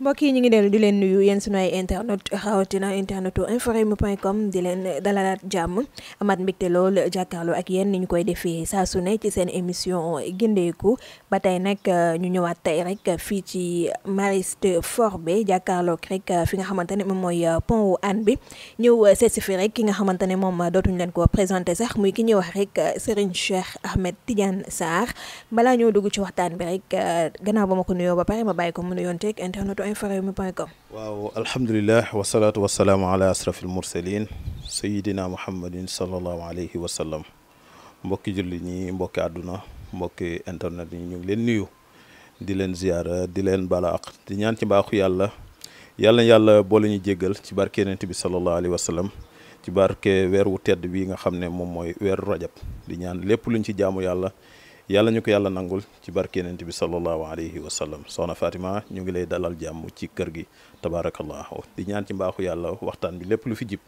mbokk yi ñu ngi dellu di leen nuyu yéen sunu ay internet rawatina internetu inforémi point com di leen dalalaat jàmm amaat mbégte lool jàkkaarloo ak yéen ni ñu koy defee saa su ne ci seen émission gindeeku ba tey nag ñu ñëwaat tey rek fii ci Mariste Forbé jàkkaarloog rek fi nga xamante ne moom mooy pont wu Hann bi ñëw seesi rek ki nga xamante ne moom dootuñu leen ko présenté sax muy ki ñuy wax rek Serigne Cheikh Ahmed Tidiane Sarr balaa ñoo dugg ci waxtaan bi rek gannaaw ba ma ko nuyoo ba pare ma bàyyi ko mu nuyoon teeg internetu info rewmi point com waaw alhamdulilah wasalaatu wasalaamu ala asrafil mursalin sayidina muhammadin salallahu alayhi wa sallam mbokki julli ñi mbokki àdduna mbokki internet yi ñu leen nuyu di leen ziyaara di leen bala di ñaan ci mbaaxu yàlla yàlla yàlla boole ñu jéggal ci barke yonent bi salallahu alayhi wasalam ci barke weer wu tedd bi nga xam ne moom mooy weeru rajab di ñaan lépp lu luñ ci jaamu yàlla yàlla ñu ko yàlla nangul ci barke yonent bi sallallahu alayhi wa sallam soxna Fatima ñu ngi lay dalal jàmm ci kër gi tabaarakallahu di ñaan ci mbaaxu yàlla waxtaan bi lépp lu fi jib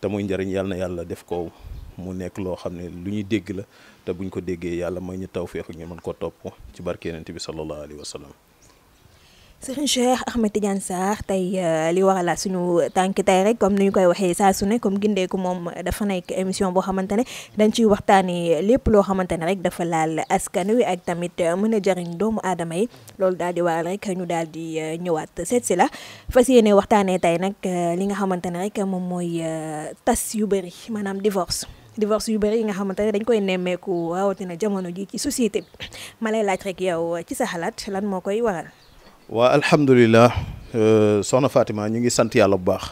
te muy njëriñ yàlla na yàlla def ko mu nekk loo xam ne lu ñuy dégg la te buñ ko déggee yàlla mooy ñu tawféex ñu mën ko topp ci barke bi sallallahu alayhi wa Serigne Cheikh Ahmed Tidiane Sarr tey euh, li warala suñu tànk tey rek comme ni ñu koy waxee saa su ne comme gindeeku moom dafa nekk émission boo xamante ne dañ ciy waxtaanee lépp loo xamante ne rek dafa laal askan wi ak tamit mën a jariñ doomu aadama yi loolu daal di waral rek ñu daal di euh, ñëwaat seet si la fas yéene waxtaanee tey nag euh, li nga xamante ne moom mooy tas yu bëri maanaam divorce. divorce yu bëri yi nga xamante ne dañ koy nemmeeku rawatina jamono ji ci société bi ma lay laaj rek yow ci sa xalaat lan moo koy waral. waa alhamdulilah euh, soxna Fatima ñu ngi sant yàlla bu baax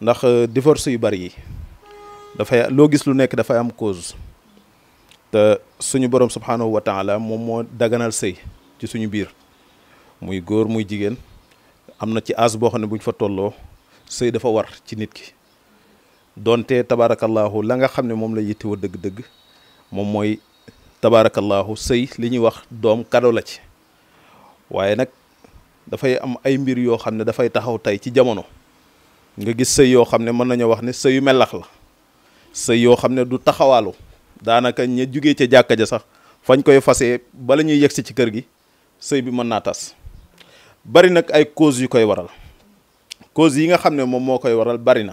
ndax euh, divorce yu bari yi dafay loo gis lu nekk dafay am cause te suñu borom subhanahu wa taala moom moo daganal sëy ci suñu biir muy góor muy jigéen am na ci as boo xam ne buñ fa tolloo sëy dafa war ci nit ki donte tabaarakallaahu la nga xam ne moom la yittewoo dëgg-dëgg moom mooy tabaarakallaahu sëy li ñuy wax doom kado la ci waaye nag. dafay am ay mbir yoo xam ne dafay taxaw tey ci jamono nga gis sëy yoo xam ne mën nañoo wax ne sëyu mellax la sëy yoo xam ne du taxawaalu daanaka ña jugee ca jàkka ja sax fañ koy fasee bala ñuy yegsi ci kër gi sëy bi mën naa tas bari nag ay cause yu koy waral cause yi nga xam ne moom moo koy waral bari na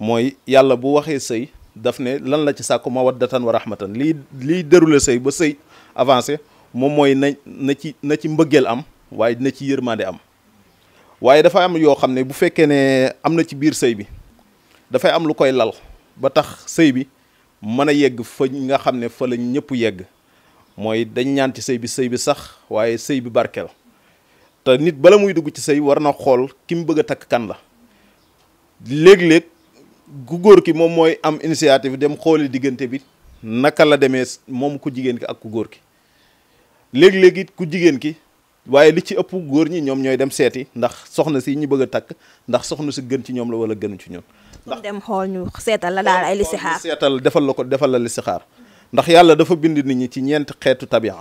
mooy yàlla bu waxee sëy daf ne lan la ci sàkk sàkku mawaddatan wa rahmatan lii lii déroulé sëy ba sëy avancé moom mooy na na ci na ci mbëggeel am waaye dina ci yërmande am waaye dafa am yoo xam ne bu fekkee ne am na ci biir sëy bi dafay am lu koy lal ba tax sëy bi mën a yegg fa nga xam ne fa la ñëpp yegg mooy dañ ñaan ci sëy bi sëy bi sax waaye sëy bi barkeel te nit bala muy dugg ci sëy war na xool ki mu bëgg a takk kan la léeg-léeg ku góor ki moom mooy am initiative dem xooli diggante bi naka la demee moom ku jigéen ki ak ku góor ki léeg-léeg it ku jigéen ki waaye li ci ëpp góor ñi ñoom ñooy dem seeti ndax soxna si ñu bëgg a takk ndax soxna si gën ci ñoom la wala gënu ci ñoom. ndax dem xool ñu seetal la daal ay listixaar seetal defal la ko defal la ndax yàlla dafa bind nit ñi ci ñeent xeetu tabia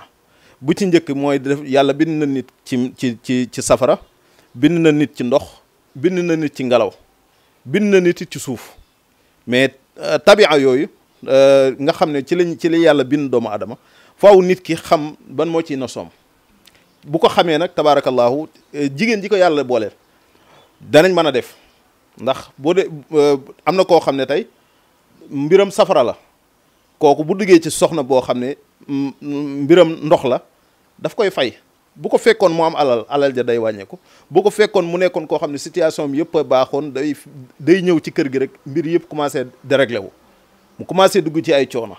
bu ci njëkk mooy def yàlla bind na nit ci ci ci ci safara bind na nit ci ndox bind na ci ngelaw bind na nit ci suuf mais euh, tabia yooyu euh, nga xam ne ci lañ ci la yàlla bind doomu adama faaw nit ki xam ban moo ci nosom bu ko xamee nag tabaarakallaahu eh, jigéen ji ko yàlla booleel danañ mën a def ndax boo de eh, am na koo xam ne tey mbiram safara la kooku bu duggee ci soxna boo xam ne mm, mbiram ndox la daf koy fay bu ko fekkoon mu am alal alal ja day wàññeeku bu ko fekkoon mu nekkoon koo xam ne situation bi yëpp baaxoon day day ñëw ci kër gi rek mbir yëpp commencé déréglé wu mu commencé dugg ci ay coono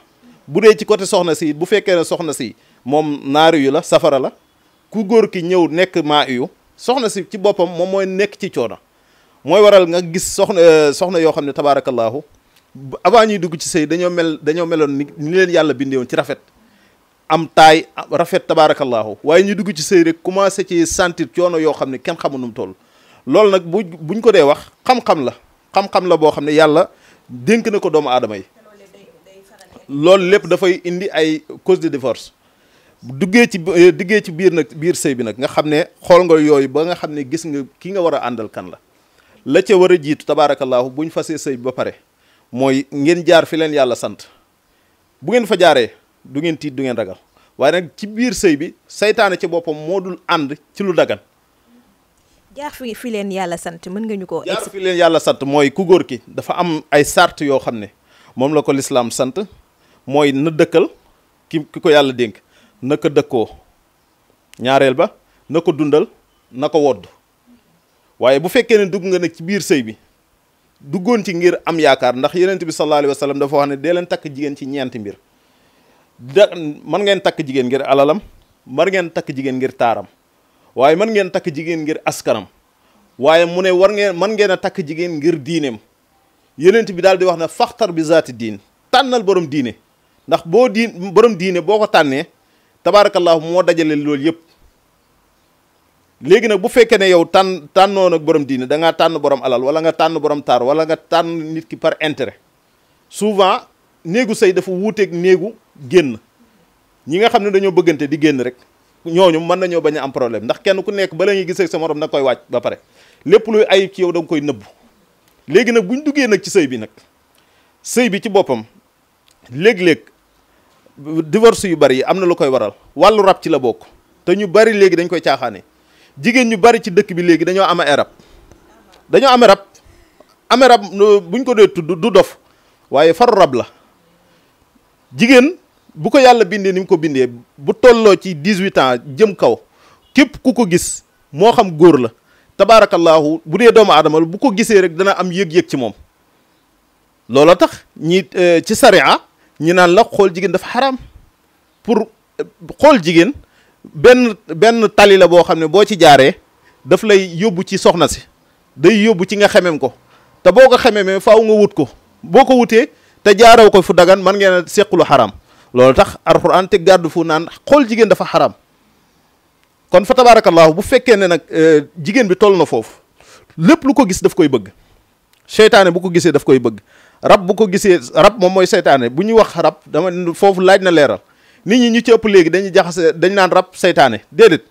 bu dee ci côté soxna si bu fekkee ne soxna si moom naari yi la safara la ku góor ki ñëw nekk maa yu soxna si ci boppam moom mooy nekk ci coono mooy waral nga gis soxna euh, soxna yoo xam ne tabaarakallaahu avant ñuy dugg ci sëy dañoo mel dañoo meloon ni ni leen yàlla bindee ci rafet am taay rafet tabaarakallaahu waaye ñu dugg ci sëy rek commencé ci sentir coono yoo xam ne kenn xamu nu mu toll loolu nag bu buñ ko dee wax xam-xam la xam-xam la boo xam ne yàlla dénk na ko doomu aadama yi loolu lépp dafay indi ay cause de divorce duggee ci eh, duggee ci biir nag biir sëy bi nag nga xam ne xool nga yooyu ba nga xam ne gis nga ki nga war a àndal kan la la ca war a jiitu tabaarakallaahu buñ fasee sëy ba pare mooy ngeen jaar fi leen yàlla sant bu ngeen fa jaaree du ngeen tiit du ngeen ragal waaye ci biir sëy bi saytaane ci boppam moo dul ànd ci lu dagan jaar fi fi leen yàlla sant mën nga ñu ko jaar fi leen yàlla sant mooy ku góor ki dafa am ay sart yoo xam ne moom la ko lislaam sant mooy na dëkkal ki ki ko yàlla dénk na ko dëkkoo ñaareel ba na ko dundal na ko wodd waaye bu fekkee ne dugg nga nag ci biir sëy bi duggoon ci ngir am yaakaar ndax yonent bi sallallahu alayhi wa sallam dafa wax ne dee leen takk jigéen ci ñeenti mbir da ngeen takk jigéen ngir alalam man ngeen takk jigéen ngir taaram waaye man ngeen takk jigéen ngir askanam waaye mu ne war ngeen man ngeen a takk jigéen ngir diineem yonent bi daal di wax ne faxtar bi zaati diin tànnal borom diine ndax boo diin borom diine boo ko tànnee tabaarakallaahu moo dajale loolu yëpp léegi nag bu fekkee ne yow tànn tànnoon ak borom diine da ngaa tànn borom alal wala nga tànn borom taar wala nga tànn nit ki par intérêt souvent néegu sëy dafa wuuteeg néegu génn ñi nga xam ne dañoo bëggante di génn rek ñooñu mën nañoo bañ a am problème ndax kenn ku nekk bala ñuy gisee sa morom da koy wàcc ba pare lépp luy ayib ci yow da nga koy nëbbu léegi nag bu ñu duggee nag ci sëy bi nag sëy bi ci boppam léeg-léeg. divorce yu bari yi am na lu koy waral wàllu rab ci la bokk te ñu bari léegi dañ koy caaxaane jigéen ñu bari ci dëkk bi léegi dañoo am ay rab dañoo ame rab ame rab buñ ko dee tudd du dof waaye faru rab la jigéen bu ko yàlla bindee ni mu ko bindee bu tolloo ci 18 ans jëm kaw képp ku ko gis moo xam góor la tabaarakallaahu bu dee doomu aadama bu ko gisee rek dana am yëg-yëg ci moom loola tax ñi euh, ci sariya ñi naan la xool jigéen dafa xaraam pour xool jigéen benn benn tali la boo xam ne boo ci jaaree daf lay yóbbu ci soxna si day yóbbu ci nga xemem ko te boo ko xememee faaw nga wut ko boo ko wutee te jaaraw ko fu dagan man ngeen a seq lu loolu tax alxuraan te gàddu fu naan xool jigéen dafa xaram kon fa tabaarakallaahu bu fekkee ne nag euh, jigéen bi toll na foofu lépp lu ko gis daf koy bëgg seytaane bu ko gisee daf koy bëgg rab bu ko gisee rab moom mooy seytaane bu ñuy wax rab dama foofu laaj na leeral nit ñi ñu ci ëpp léegi dañuy jaxase dañ naan rab seytaane déedéet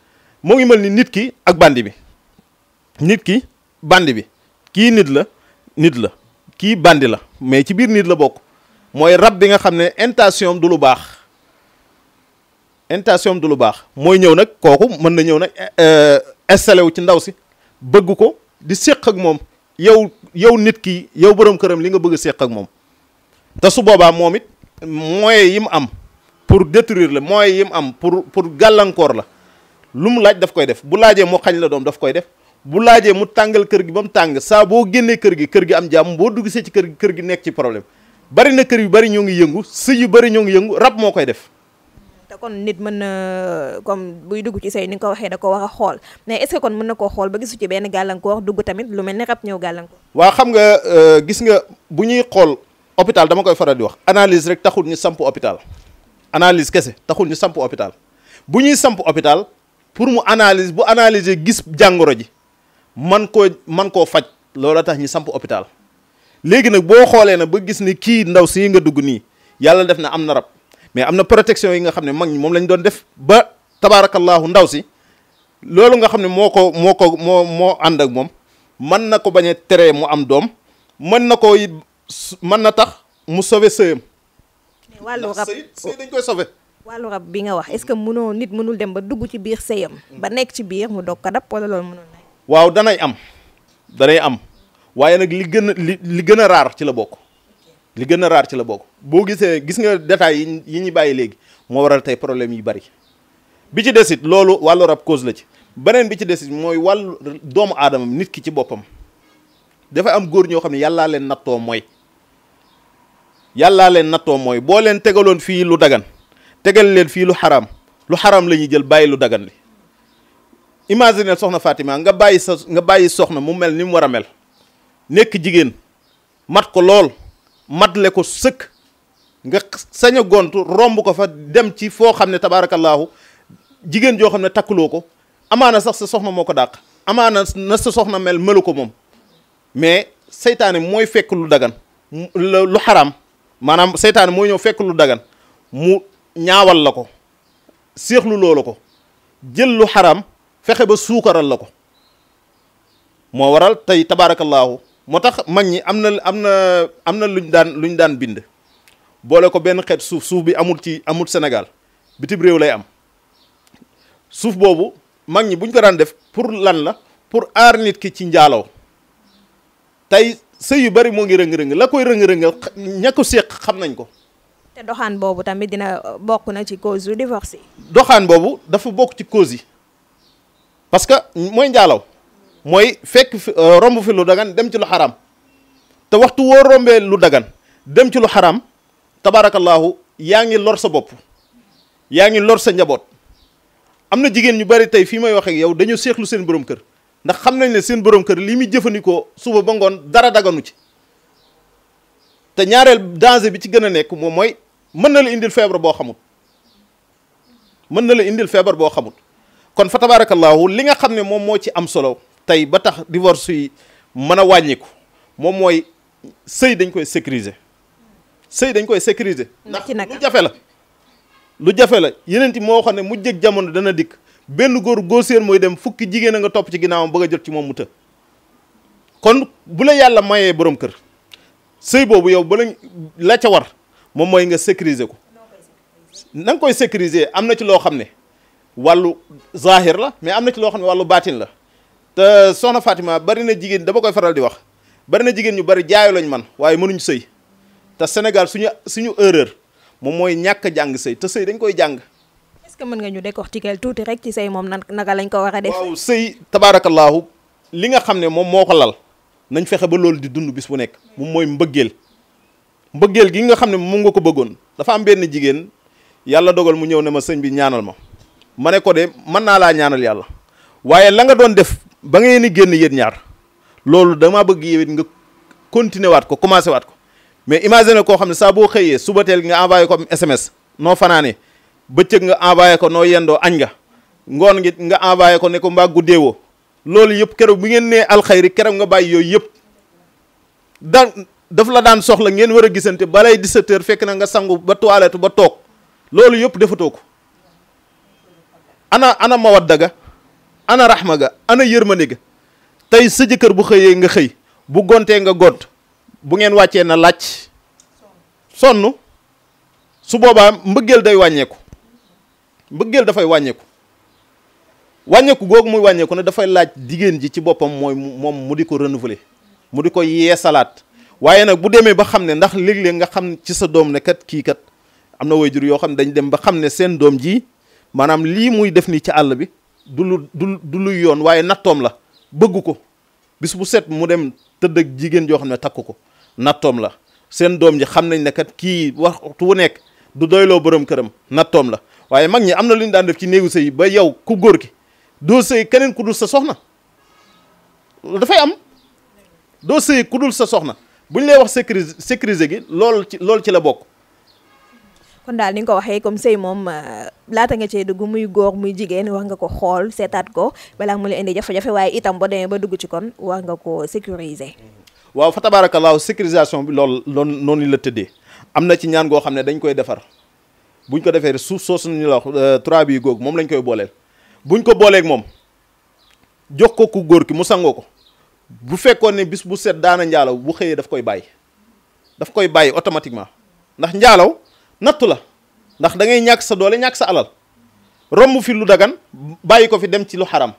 moo ngi mel ni nit ki ak bandi bi nit ki bandi bi kii nit la nit la kii bandi la mais ci biir nit la bokk mooy rab bi nga xam ne intention du lu baax intention du lu baax mooy ñëw nag kooku mën na ñëw nag euh, installé wu ci ndaw si bëgg ko di séq ak moom yow yow nit ki yow borom këram li nga bëgg a ak moom te su boobaa moom it moyens yi mu am pour détruire la moyens yi mu am pour pour gàllankoor la lu mu laaj daf koy def bu laajee mu xañ la doom daf koy def bu laajee mu tàngal kër gi ba mu tàng saa boo génnee kër gi kër gi am jàmm boo dugg see ci kër gi kër gi nekk ci problème bari na kër yu bari ñoo ngi yëngu si yu bari ñoo ngi yëngu rab moo koy def kon nit mën na comme buy dugg ci sëy ni nga ko waxee da ko war a xool mais est kon mën na koo xool ba gisu ci benn gàllankoor dugg tamit lu mel ni rab ñëw gàllankoor. waaw xam nga euh, gis nga bu ñuy xool hôpital dama koy faral di wax analyse rek taxul ñu samp hôpital analise kese taxul ñu samp hôpital bu ñuy samp hôpital pour mu analyse bu analyser gis jàngoro ji man koo man koo faj loola tax ñu samp hôpital léegi nag boo xoolee na ba gis ni kii ndaw si nga dugg nii yàlla def na am na mais am na protection yi nga xam ne mag ñi moom lañ doon def ba tabaarakallaahu ndaw si loolu nga xam ne moo ko moo ko moo moo ànd ak moom mën na ko bañ a teree mu am doom mën na ko it mën na tax mu sauver sëyam. wàllu rab oh. sëy dañ koy sauver. wàllu rab bi nga wax est-ce que mënoo nit mënul dem ba dugg ci biir sëyam. ba nekk ci biir mu dog ko dab wala loolu mënul nekk. waaw danay am danay am waaye nag li gën li li gën a raar ci la bokk. li gën a raar ci la bokk boo gisee gis nga détails yi yi ñu bàyyi léegi moo waral tey problème yu bari bi ci desit loolu wàllu rab cause la ci beneen bi ci desit mooy wàllu doomu aadama nit ki ci boppam dafa am góor ñoo xam ne yàllaa leen nattoo mooy yàllaa leen nattoo mooy boo leen tegaloon fii lu dagan tegal leen fii lu xaraam lu xaraam la ñuy jël bàyyi lu dagan li imagine soxna faatiment nga bàyyi sa nga bàyyi soxna mu mel ni mu war a mel nekk jigéen mat ko lool matle ko sëkk nga sañ gont romb ko fa dem ci foo xam ne tabaarakallaahu jigéen joo xam ne takkuloo ko amaana sax sa soxna moo ko dàq amaana na sa soxna mel melu ko moom mais seytaane mooy fekk lu dagan lu xaraam maanaam seytaane mooy ñëw fekk lu dagan mu ñaawal la ko séexlu loola ko jël lu xaraam fexe ba suukaral la ko moo waral tey tabaarakallaahu moo tax mag ñi am na am na am na luñ daan luñ daan bind boole ko benn xeet suuf suuf bi amul ci amul Sénégal bitim réew lay am suuf boobu mag ñi buñ ko daan def pour lan la pour aar nit ki ci njaaloo tey sëy yu bari moo ngi rëng-rëng la koy rëng-rëngal ña ko séq xam nañ ko. te doxaan boobu tamit dina euh, bokk na ci cause yu divorce yi. doxaan boobu dafa bokk ci cause yi parce que mooy njaaloo mooy fekk euh, romb fi lu dagan dem ci lu xaraam te waxtu woo rombee lu dagan dem ci lu xaraam tabaarakallaahu yaa ngi lor sa bopp yaa ngi lor sa njaboot am na jigéen ñu bari tey fii may wax ak yow dañoo seexlu seen boroom kër ndax xam nañ ne seen boroom kër li muy jëfandikoo suba ba ngoon dara daganu ci te ñaareel danger bi ci gën a nekk moom mooy mën na la indil feebar boo xamut mën na la indil feebar boo xamut kon fa tabaarakallaahu li nga xam ne moom moo ci am solo tey ba tax divorce yi mën a wàññiku moom mooy sëy dañ koy sécuriser sëy dañ koy sécuriser ndax lu jafe la lu jafe la yeneen ti moo xam ne mu jëg jamono dana dikk benn góor góor góoseen mooy dem fukki jigéen a nga topp ci ginnaawam bëgg a jot ci moom mu të kon bu la yàlla mayee borom kër sëy boobu yow ba la ca war moom mooy nga sécuriser ko na koy sécuriser am na ci loo xam ne wàllu zahir la mais am na ci loo xam ne wàllu baatin la te soxna Fatima bari na jigéen dama koy faral di wax bari na jigéen ñu bari jaayu lañ man waaye mënuñ sëy te Sénégal suñu suñu erreur moom mooy ñàkk jàng sëy te sëy dañ koy jàng. est que mën nga ñu décortiquer tuuti rek ci sëy moom nag naka lañ ko war a def. waaw sëy tabaarakallaahu li nga xam ne moom moo ko lal nañ fexe ba loolu di dund bis bu nekk moom mooy mbëggeel mbëggeel gi nga xam ne moom nga ko bëggoon dafa am benn jigéen yàlla dogal mu ñëw ne ma sëñ bi ñaanal ma ma ne ko de mën naa laa ñaanal yàlla ba ngeen di génn yéen ñaar loolu dama bëgg yow nga continuer waat ko commencé waat ko mais imagine koo xam ne saa boo xëyee subateel teel nga envoyé ko am SMS noo fanaane bëccëg nga envoyé ko noo yendoo añ nga ngoon ngi nga envoyé ko ne ko mbaa guddeewoo loolu yëpp keroog bu ngeen nee alxayri keroog nga bàyyi yooyu yëpp daan daf la daan soxla ngeen war a gisante balay 17 heures fekk na nga sangu ba toilette ba toog loolu yëpp defatoo ko ana ana ma waddaga ana raxma ga ana yërmande ga tey sa jëkkër bu xëyee nga xëy bu gontee nga gont bu ngeen wàccee na laaj sonn su boobaa mbëggeel day wàññeeku mbëggeel dafay wàññeeku wàññeeku googu muy wàññeeku nag dafay laaj jigéen ji ci boppam mooy moom mu di ko renouveler mu di ko yee salaat waaye nag bu demee ba xam ne ndax léeg-léeg nga xam ci sa doom ne kii kat am na jur yoo xam ne dañ dem ba xam ne seen doom ji maanaam lii muy def nii ci àll bi du lu du du luy yoon waaye nattoom la bëgg ko bis bu set mu dem tëdd ak jigéen joo xam ne takku ko nattoom la seen doom ji xam nañ ne kat kii waxtu wu nekk du doyloo borom këram nattoom la waaye mag ñi am na lu ñu daan def ci néegu sëy ba yow ku góor ki doo sëy keneen ku dul sa soxna dafay am doo sëy ku dul sa soxna bu ñu lay wax sécuriser sécuriser gi loolu ci loolu ci la bokk kon daal ni nga ko waxee comme sëy moom euh, laata nga cee dugg muy góor muy jigéen wax nga ko xool seetaat ko balaa mu la indi jafe-jafe waaye itam boo demee ba dugg ci kon waa nga ko sécuriser. Mm-hmm. waaw fa tabaarakallaahu sécurisation bi lool loolu noonu la tëddee am na ci ñaan goo xam ne dañ koy defar buñ ko defee suuf soosu ñu la wax euh, trois bi googu moom lañ koy booleel buñ ko booleeg moom jox ko ku góor ki mu sangoo ko bu fekkoon ne bis bu set daana njaalaw bu xëyee daf koy bàyyi daf koy bàyyi automatiquement ndax njaalaw nattu la ndax da ngay ñàkk sa doole ñàkk sa alal romb fi lu dagan bàyyi ko fi dem ci lu xaram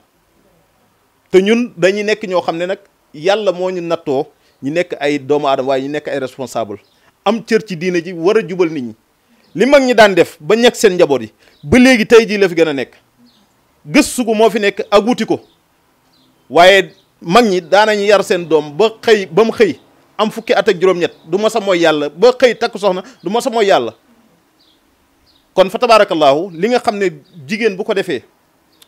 te ñun dañuy nekk ñoo xam ne nag yàlla moo ñu nattoo ñu nekk ay doomu aadama waaye ñu nekk ay responsable am cër ci diine ji war a jubal nit ñi li mag ñi daan def ba ñekk seen njaboot yi ba léegi tey jii la fi gën a nekk gëstu ko moo fi nekk ak wuti ko waaye mag ñi daanañu yar seen doom ba xëy ba mu xëy am fukki at ak juróom-ñett du ma sa mooy yàlla ba xëy takk soxna du ma sa mooy yàlla kon fa tabaarakallaahu li nga xam ne jigéen bu ko defee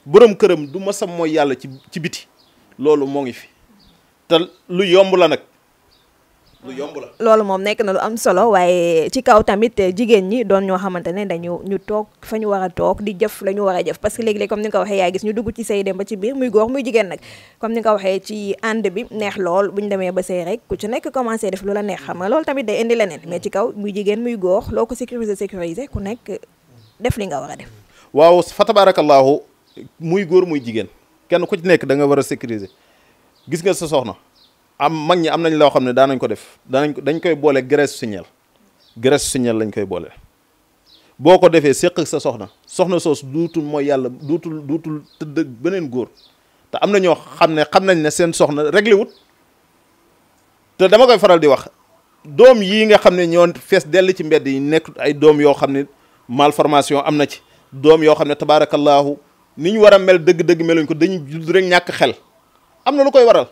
borom këram du ma a mooy yàlla ci ci biti loolu moo ngi fi te lu yomb la nag lu yomb la. loolu moom nekk na lu am solo waaye ci kaw tamit jigéen ñi doon ñoo xamante dañu ñu toog fa ñu war a toog di jëf la ñu war a jëf parce que léegi-léeg comme ni waxee yaa gis ñu dugg ci sëy dem ba ci biir muy góor muy jigéen nag comme ni nga waxee ci ànd bi neex lool bu ñu demee ba sëy rek ku ci nekk commencé def lu la neex xam nga loolu tamit day indi leneen mais ci kaw muy jigéen muy góor loo ko sécuriser sécuriser ku nekk def li nga war a def. waaw fa tabaarakallaahu muy góor muy jigéen kenn ku ci nekk da nga war a sécuriser gis nga sa soxna am mag ñi am nañ loo xam ne daanañ ko def ko dañ koy boole graisse signal graisse signal lañ koy boole. boo ko defee séq sa soxna soxna soos duutul mooy yàlla duutul duutul tëdd ak beneen góor te am na ñoo xam ne xam nañ ne seen soxna réglé wut te dama koy faral di wax doom yii nga xam ne ñoo fees dell ci mbedd yi nekk ay doom yoo xam ne mal formation am na ci doom yoo xam ne tabaarakallaahu ni ñu war a mel dëgg-dëgg meluñ ko dañu judd rek ñàkk xel am na lu koy waral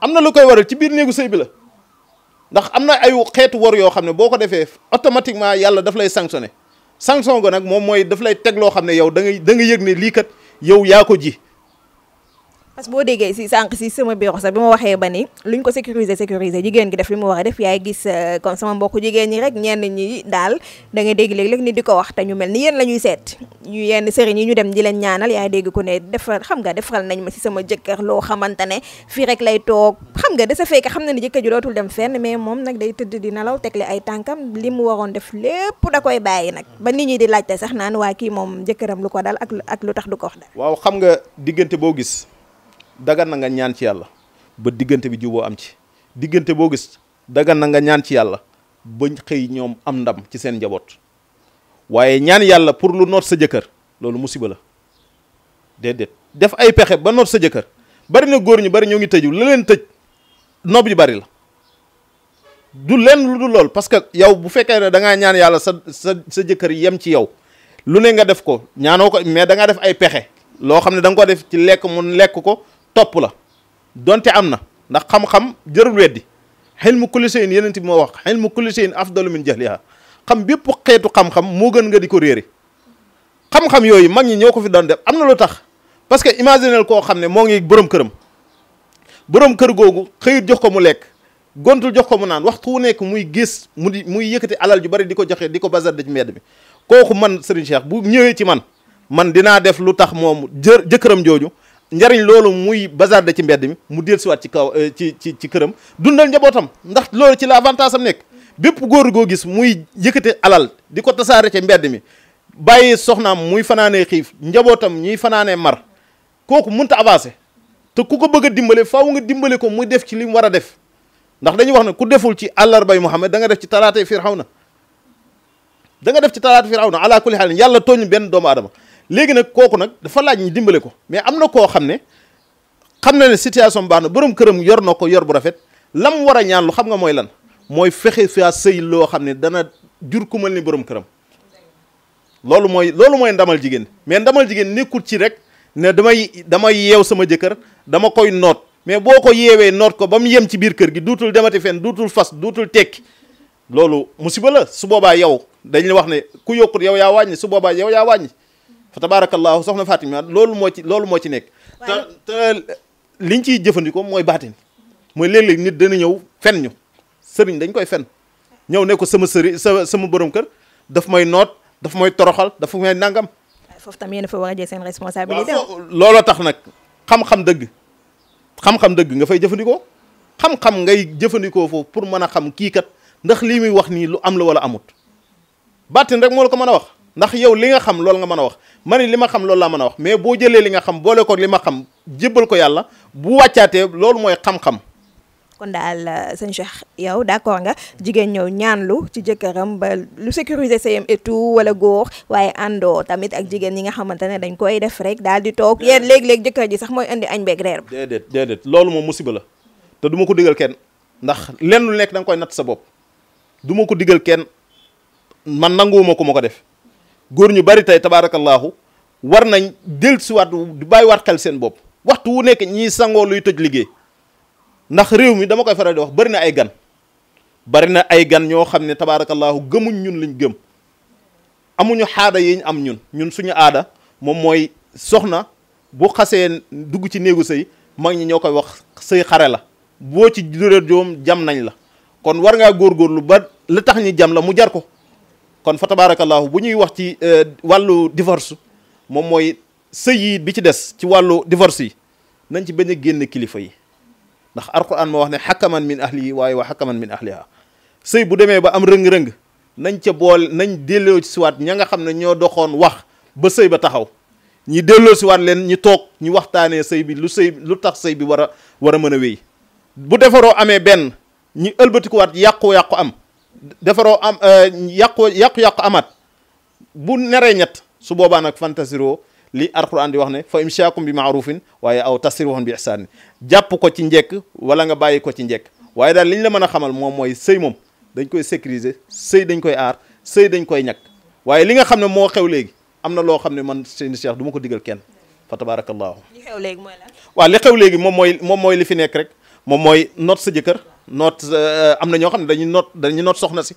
am na lu koy waral ci biir néegu sëy bi la ndax am na ay xeetu wor yoo xam ne boo ko defee automatiquement yàlla daf lay sanctionné sanction go nag moom mooy daf lay teg loo xam ne yow da ngay da yëg ne lii kat yow yaa ko ji parce que boo déggee si sànq si sama biir sax bi ma waxee ba ni luñ ko sécuriser sécuriser jigéen gi def li mu war def yaay gis euh, comme sama mbokk jigéen ñi rek ñenn ñi daal da nga dégg léeg-léeg ni di ko wax te ñu mel ni yéen la ñuy seet ñu yenn sëriñ yi ñu dem di leen ñaanal yaay dégg ku ne defal xam nga defaral nañ ma si sama jëkkër loo xamante ne fii rek lay toog xam nga de sa fekk xam na ni jëkkër ji dootul dem fenn mais moom nag day tëdd di nelaw tegle ay tànkam li mu waroon def lépp da koy bàyyi nag ba nit ñi di laajte sax naan waa kii moom jëkkëram lu ko dal ak ak lu tax du ko wax dal waaw xam nga diggante boo gis dagan na nga ñaan ci yàlla ba diggante bi juboo am ci diggante boo gis dagan na nga ñaan ci yàlla ba xëy ñoom am ndam ci seen njaboot waaye ñaan yàlla pour lu noot sa jëkkër loolu mu siba la déedéet def ay pexe ba noot sa jëkkër bari na góor ñu bari ñoo ngi tëju la leen tëj nopp yu bari la du leen lu du lool parce que yow bu fekkee ne da ñaan yàlla sa sa sa jëkkër yem ci yow lu ne nga def ko ñaanoo ko mais da def ay pexe loo xam ne da nga ko def ci lekk mu lekk ko topp la donte am na ndax xam-xam jërul weddi xilmu kulli shay'in yenent bi moo wax xilmu kulli shay'in afdalu min jahliha xam bépp xeetu xam-xam moo gën nga di ko réere xam yooyu mag ñi ñoo ko fi doon def am na lu tax parce que imaginel koo xam ne moo ngi borom këram borom kër googu xëyut jox ko mu lekk gontul jox ko mu naan waxtu wu nekk muy gis mu di muy yëkkati alal ju bari di ko joxe di ko bazar ci mbedd mi kooku man Serigne Cheikh bu ñëwee ci man man dinaa def lu tax moom jër jëkkëram jooju njariñ loolu muy bazar ci mbedd mi mu del siwaat ci kaw euh, ci ci ci këram dundal njabootam ndax loolu ci la avantage am nekk bépp góor goo gis muy yëkkati alal di ko tasaare ci mbedd mi bàyyi soxnaam muy fanaane xiif njabootam ñuy fanaanee mar kooku mun mënta avancé te ku ko bëgg a dimbale faaw nga dimbale ko muy def ci li mu war a def ndax dañu wax ne ku deful ci àllarbay Muhammad da nga def ci talaatay Firawna da nga def ci talaatay Firawna ala kulli xaal yàlla tooñ benn doomu aadama léegi nag kooku nag dafa laaj ñu dimbale ko mais am na koo xam ne xam na ne situation baax na borom këram yor na ko yor bu rafet lam war a ñaan lu xam nga mooy lan mooy fexe faa sëy loo xam ne dana jur ku mel ni borom këram. loolu mooy loolu mooy ndamal jigéen mais ndamal jigéen nekkul ci rek ne damay damay yeew sama jëkkër dama koy noot mais boo ko yeewee noot ko ba mu yem ci biir kër gi duutul demati fenn duutul fas duutul tekki loolu musiba la su boobaa yow dañ la wax ne ku yokkut yow yaa wàññi su boobaa yow yaa wàññi. fa tabaarakallaahu soxna Fatima loolu moo ci loolu moo ci nekk te te liñ ciy jëfandikoo mooy baatin mooy léeg-léeg nit dana ñëw fen ñu sëriñ dañ koy fen ñëw ne ko sama sëriñ sa sama borom kër daf may noot daf may toroxal dafa may nangam foofu tam yéen a fa war a jël seen looloo tax nag xam-xam dëgg xam-xam dëgg nga fay jëfandikoo xam-xam ngay jëfandikoo foofu pour mën a xam kii kat ndax lii muy wax nii lu am la wala amut bàttin rek moo la ko mën a wax ndax yow li nga xam loolu nga mën a wax man ne li ma xam loolu laa mën a wax mais boo jëlee li nga xam boole ko li ma xam jébbal ko yàlla bu wàccaatee loolu mooy xam-xam. kon daal euh, sëñ Cheikh yow d'accord nga jigéen ñëw lu ci jëkkëram ba lu sécuriser sëyam et tout wala góor waaye àndoo tamit ak jigéen ñi nga xamante ne dañ koy def rek daal di toog yéen léeg-léeg jëkkër ji sax mooy indi añ beeg reer bi déedéet loolu moom musiba la te du ko digal kenn ndax lenn lu nekk da koy nat sa bopp du ko digal kenn man nanguwuma ko ma ko def góor ñu bari tey tabaarakallaahu war nañ del siwaat di bàyyi waat xel seen bopp waxtu wu nekk ñiy sangoo luy toj liggéey ndax réew mi dama koy faral di wax bari na ay gan bari na ay gan ñoo xam ne tabaarakallaahu gëmuñ ñun liñ gëm amuñu xaada yiñ am ñun ñun suñu aada moom mooy soxna bu xasee dugg ci néegu sëy mag ñi ñoo koy wax sëy xare la boo ci duréet joom jam nañ la kon war ngaa góorgóorlu ba li tax ñi jam la mu jar ko kon fa tabaarakallaahu bu ñuy wax ci euh, wàllu divorce moom mooy sëy yi bi ci des ci wàllu divorce yi nañ ci benn a génn kilifa yi ndax alquran moo wax ne xakaman min ahli yi waaye wa xakaman min ahliha sëy bu demee ba am rëng-rëng nañ ca bool nañ delloo ci siwaat ña nga xam ne ñoo doxoon wax ba sëy ba taxaw ñi delloo si leen ñu toog ñu waxtaanee sëy bi lu sëy lu tax sëy bi war a war a mën a wéy bu defaroo amee benn ñi ëlbatikuwaat yàqu-yàqu am defaroo am euh, yàqu yàqu-yàqu amaat bu neree ñett su boobaa nag fantasiroo li alquran di wax ne fa imshaakum bi maarufin waaye aw tasrihun bi ihsaan jàpp ko ci njekk wala nga bàyyi ko ci njekk waaye daal li ñu la mën a xamal moom mooy sëy moom dañ koy sécuriser sëy dañ koy aar sëy dañ koy ñàkk waaye li nga xam ne moo xew léegi am na loo xam ne man seen cheikh du ma ko digal kenn fa tabaarakallaahu li xew léegi li xew léegi moom mooy moom mooy li fi nekk rek moom mooy noot sa jëkkër noot euh, am na ñoo xam ne dañu noot dañuy noot soxna si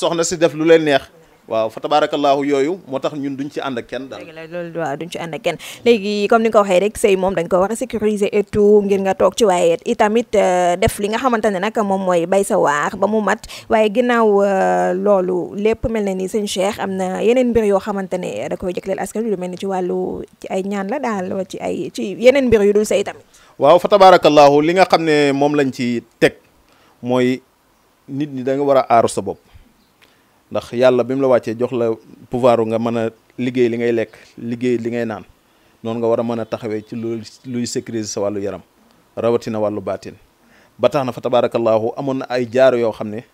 soxna si def lu leen neex waaw fa tabaarakallaahu yooyu moo tax ñun duñ ci ànd ak kenn daal loolu waaw duñ ci ànd ak kenn léegi comme ni nga ko waxee rek sëy moom dañ ko war a sécuriser et tout ngir nga toog ci waaye itamit euh, def li nga xamante ne nag moom mooy bay sa waar ba mu mat waaye ginnaaw euh, loolu lépp mel na ni sëñ Cheikh am na yeneen mbir yoo xamante ne da koy jëgleel askan wi lu mel ni ci wàllu ci ay ñaan la daal ci ay ci yeneen mbir yu dul sëy itam waaw fa tabaarakallaahu li nga xam ne moom lañ ci teg mooy nit ñi danga war a aaru sa bopp ndax yàlla bi mu la wàccee jox la pouvoir nga mën a liggéey li ngay lekk liggéey li ngay naan noonu nga war a mën a taxawee ci lu luy sécuriser sa wàllu yaram rawatina wàllu baatin ba tax na fa tabaarakallaahu amoon na ay jaaro yoo xam ne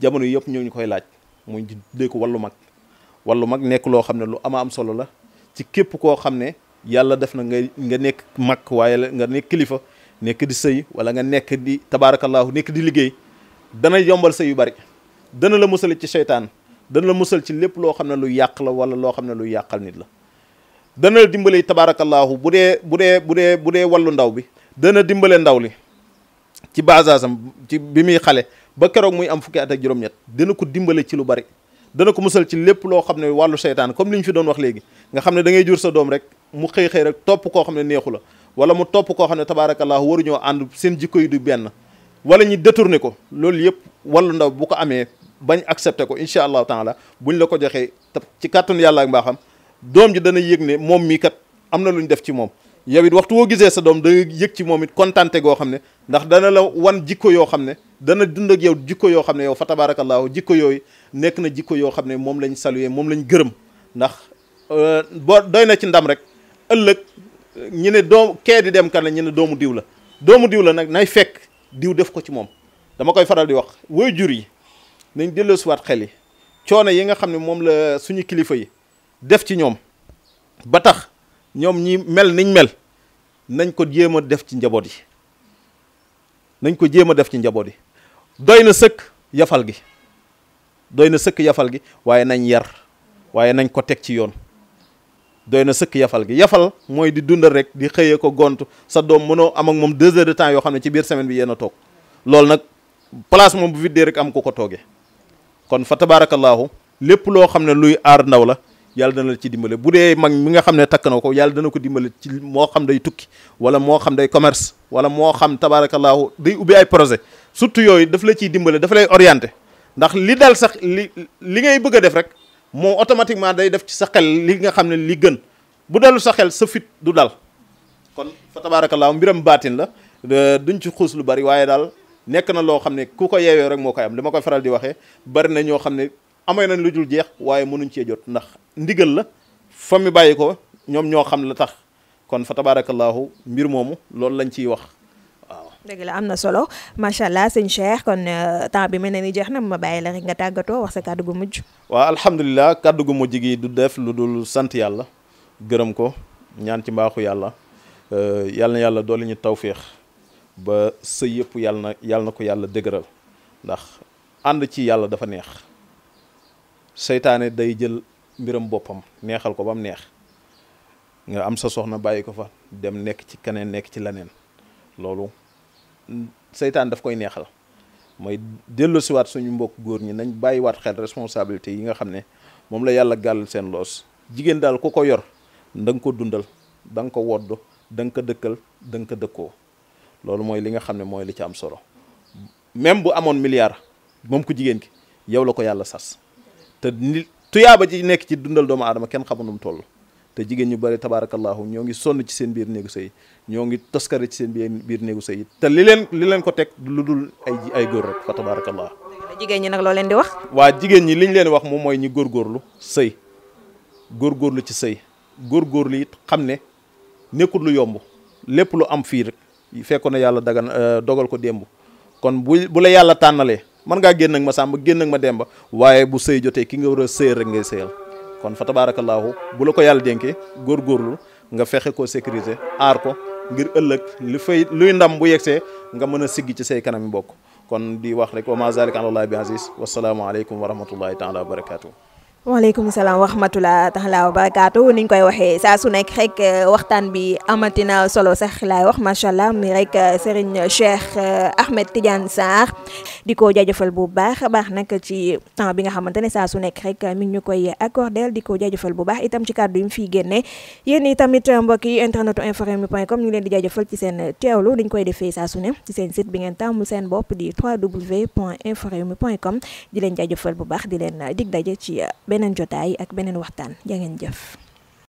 jamono yëpp ñu koy laaj muy dee ko wàllu mag wàllu mag nekk loo xam ne lu ama am solo la ci képp koo xam ne yàlla def na nga nga nekk mag waaye nga nekk kilifa nekk di sëy wala nga nekk di tabaarakallaahu nekk di liggéey dana yombal sëy yu bari dana la musal ci seytaan dana la mësal ci lépp loo xam ne lu yàq la wala loo xam ne lu yàqal nit la dana la dimbale tabaarakallaahu bu dee bu dee bu dee bu dee wàllu ndaw bi dana dimbale ndaw li ci basasam ci bi muy xale ba keroog muy am fukki at ñett dana ko dimbale ci lu bari dana ko musal ci lépp loo xam ne wàllu seytaan comme li ñu fi doon wax léegi nga xam ne dangay ngay jur sa doom rek mu xëy xëy rek topp koo xam ne neexu la wala mu topp koo xam ne tabaarakallah waruñoo ànd seen jikko yi du benn wala ñu détourné ko loolu yëpp wàllu ndaw bu ko amee bañ accepté ko incha allahu taala buñ la ko joxee ci kàttanu yàlla ak mbaaxam doom ji dana yëg ne moom mii kat am na lu ñu def ci moom yow it waxtu woo gisee sa doom da yëg ci moom it kontante goo xam ne ndax dana la wan jikko yoo xam ne dana dund ak yow jikko yoo xam ne yow fa tabaarakallaahu jikko yooyu nekk na jikko yoo xam ne moom lañ saluer moom lañ gërëm ndax euh, boo doy na ci ndam rek ëllëg ñu ne doom kee di dem kana la ñu ne doomu diw la doomu diw la nag nay fekk diw def ko ci moom dama koy faral di wax woy jur yi nañ delloosiwaat xel yi coono yi nga xam ne moom la suñu kilifa yi def ci ñoom ba tax ñoom ñi mel niñ mel nañ ko jéem a def ci njaboot yi nañ ko jéem a def ci njaboot yi doy na sëkk yafal gi doy na sëkk yafal gi waaye nañ yar waaye nañ ko teg ci yoon doy na sëkk yafal gi yafal mooy di dundal rek di xëyee ko gont sa doom mënoo am ak moom deux heures de temps yoo xam ne ci biir semaine bi yéen a toog loolu nag place moom bu viddee rek am ku ko toogee kon fa tabaarakallaahu lépp loo xam ne luy aar ndaw la yàlla dana la ci dimbale bu dee mag mi nga xam ne takk na ko yàlla dana ko dimbale ci moo xam day tukki wala moo xam day commerce wala moo xam tabaarakallaahu day ubbi ay projet surtout yooyu daf la ciy dimbale dafa lay orienté ndax li dal sax li li ngay bëgg a def rek moom automatiquement day def ci sa xel li nga xam ne li gën bu dellu sa xel sa fit du dal kon fa tabaarakallaahu mbiram baatin la duñ ci xuus lu bari waaye daal nekk na loo xam ne ku ko yeewee rek moo koy am li ma koy faral di waxee bari na ñoo xam ne amee nañ lu jul jeex waaye mënuñ cee jot ndax ndigal la fa mi bàyyi ko ñoom ñoo xam la tax kon fa tabaarakallaahu mbir moomu loolu lañ ciy wax dëgg la am na solo macha allah sëñ Cheikh kon euh, temps bi mel ne ni jeex na ma bàyyi la rek nga tàggatoo wax sa kàddu gu mujj. waaw alhamdulilah kàddu gu mujj gi du def lu dul sant yàlla gërëm ko ñaan ci mbaaxu yàlla euh, yàlla na yàlla doole ñu tawféex ba sa yëpp yàlla na yàlla na ko yàlla dëgëral ndax ànd ci yàlla dafa neex seytaane day jël mbiram boppam neexal ko ba mu neex nga am sa soxna bàyyi ko fa dem nekk ci keneen nekk ci leneen loolu. seytaan daf koy neexal mooy delloosiwaat suñu mbokk góor ñi nañ bàyyi waat xel responsabilité yi nga xam ne moom la yàlla gàll seen loos jigéen daal ku ko yor da nga ko dundal da nga ko wodd da nga ko dëkkal da nga ko dëkkoo loolu mooy li nga xam ne mooy li ci am solo même bu amoon milliard moom ku jigéen ki yow la ko yàlla sas te ni tuyaaba ji nekk ci dundal doomu aadama kenn xamu nu toll. te jigéen ñu bari tabaarakallaahu ñoo ngi sonn ci seen biir néegu sëy ñoo ngi toskare ci seen biir biir néegu sëy te li leen li leen ko teg lu dul ay ay góor rek fa tabaarakallaahu jigéen ñi nag loo leen di wax waa jigéen ñi li ñu leen wax moom mooy ñu góorgóorlu sëy góorlu ci sëy góorgóorlu it xam ne nekkul lu yomb lépp lu am fii rek fekkoon na yàlla dagan euh, dogal ko démb kon bu bu la yàlla tànnalee mën ngaa génn ak ma sàmba génn ak ma demba waaye bu sëy jotee ki nga war a sëy rek ngay sëyal kon fa tabaarakallaahu bu la ko yàlla dénkee góorlu nga fexe ko sécuriser aar ko ngir ëllëg li fay luy ndam bu yegsee nga mën a siggi ci say kanami bokk kon di wax rek wa ma zalika ala llahi bi aziz wasalaamu aleykum wa ta taala wa barakatuh waaleykum salaam wa rahmatulah taala wa barakaatu niñ koy waxee saa su nekk rek euh, waxtaan bi amatina solo sax laay wax macha allah mi rek euh, Serigne Cheikh euh, Ahmed Tidiane Sarr di ko jaajëfal bu baax a baax nag ci temps bi nga xamante ne saa su nekk rek mi ngi ñu koy accordel di ko jaajëfal bu baax itam ci kàddu yi mu fiy génnee yéen i tamit mbokk yi internet informé point com ñu leen di jaajëfal ci seen teewlu niñ koy defee saa su ne ci seen site bi ngeen tàmmul seen bopp di www point informé point com di leen jaajëfal bu baax di leen dig daje ci. beneen jotaay ak beneen waxtaan ja ngeen jëf